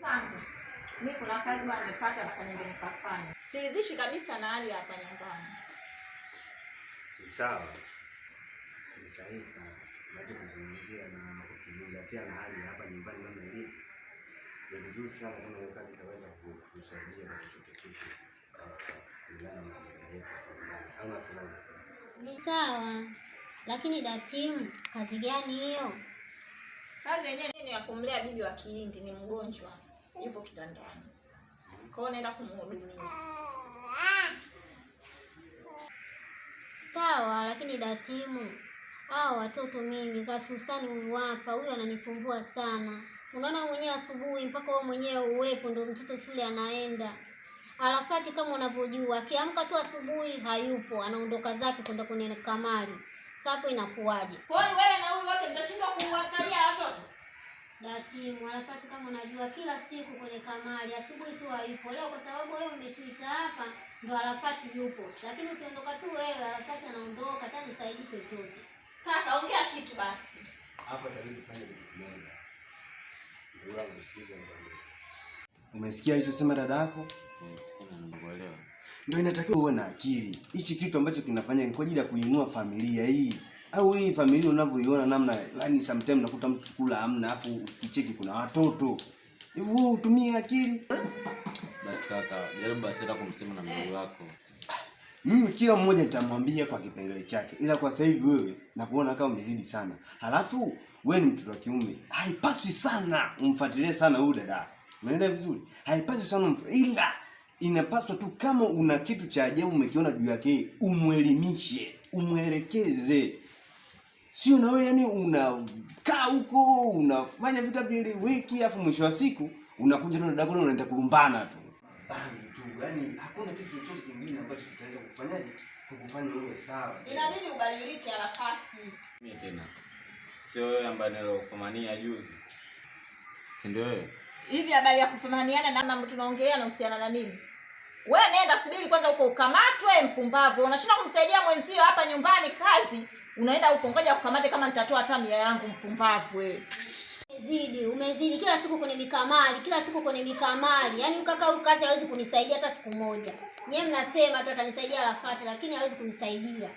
zangu mi kuna kazi bwana nimepata na kwenye ndio nikafanya, siridhishwi kabisa na hali hapa nyumbani. Ni sawa, ni sahihi sana kuzungumzia na ukizingatia na hali hapa nyumbani namna ilivyo, ni vizuri sana kama hiyo kazi itaweza kukusaidia na chochote kitu kulingana na mazingira yetu au asalama. Ni sawa, lakini da datimu, kazi gani hiyo? Kazi yenyewe ni ya kumlea bibi wa Kihindi, ni mgonjwa yupo kitandani, kwao naenda kumhudumia. Sawa, lakini datimu, hao watoto mimi kasusani uwapa huyu ananisumbua sana. Unaona mwenyewe asubuhi mpaka wewe mwenyewe uwepo, ndio mtoto shule anaenda. Arafati kama unavyojua, akiamka tu asubuhi hayupo, anaondoka zake kwenda kwenye kamari. Sasa hapo inakuwaje? Kwa hiyo wewe na huyu wote mtashindwa kuwa timu, anafati kama unajua, kila siku kwenye kamari, asubuhi tu hayupo. Leo kwa sababu wewe umetuita hapa, ndo Arafati yupo, lakini ukiondoka tu wewe Arafati anaondoka. Hata nisaidii chochote kaka, ongea kitu basi. Hapa tabidi fanye kitu kimoja, umesikia alichosema dada yako? Ndio inatakiwa uwe na akili. Hichi kitu ambacho kinafanya ni kwa ajili ya kuinua familia hii au hii familia unavyoiona namna, yani sometimes nakuta mtu kula amna afu kicheki kuna watoto hivyo, wewe utumie akili basi. Kaka, jaribu basi hata kumsema na mdogo wako. Mimi kila mmoja nitamwambia kwa kipengele chake, ila kwa sasa hivi wewe nakuona kama umezidi sana. Halafu wewe ni mtoto wa kiume, haipaswi sana umfuatilie sana huyu dada. Umeelewa vizuri? Haipaswi sana umf... ila inapaswa tu kama una kitu cha ajabu umekiona juu yake, umwelimishe, umwelekeze sio na wewe yani, unakaa huko unafanya vita vile wiki, afu mwisho wa siku unakuja tu na dagola unaenda kulumbana tu bani tu, yani hakuna kitu chochote kingine ambacho kitaweza kufanyaje kukufanya uwe sawa. Inabidi ubadilike harakati Mimi tena sio wewe ambaye nilofumania juzi, si ndio wewe? Hivi habari ya kufumaniana na mambo tunaongelea na uhusiana na nini? Wewe nenda subiri kwanza huko ukamatwe, mpumbavu. Unashinda kumsaidia mwenzio hapa nyumbani kazi unaenda huko, ngoja ukamate kama nitatoa hata mia yangu. Mpumbavu wewe, umezidi umezidi, kila siku kwenye mikamali, kila siku kwenye mikamali. Yaani ukaka huyu kazi hawezi kunisaidia hata siku moja. Nyewe mnasema tu atanisaidia rafati lakini hawezi kunisaidia.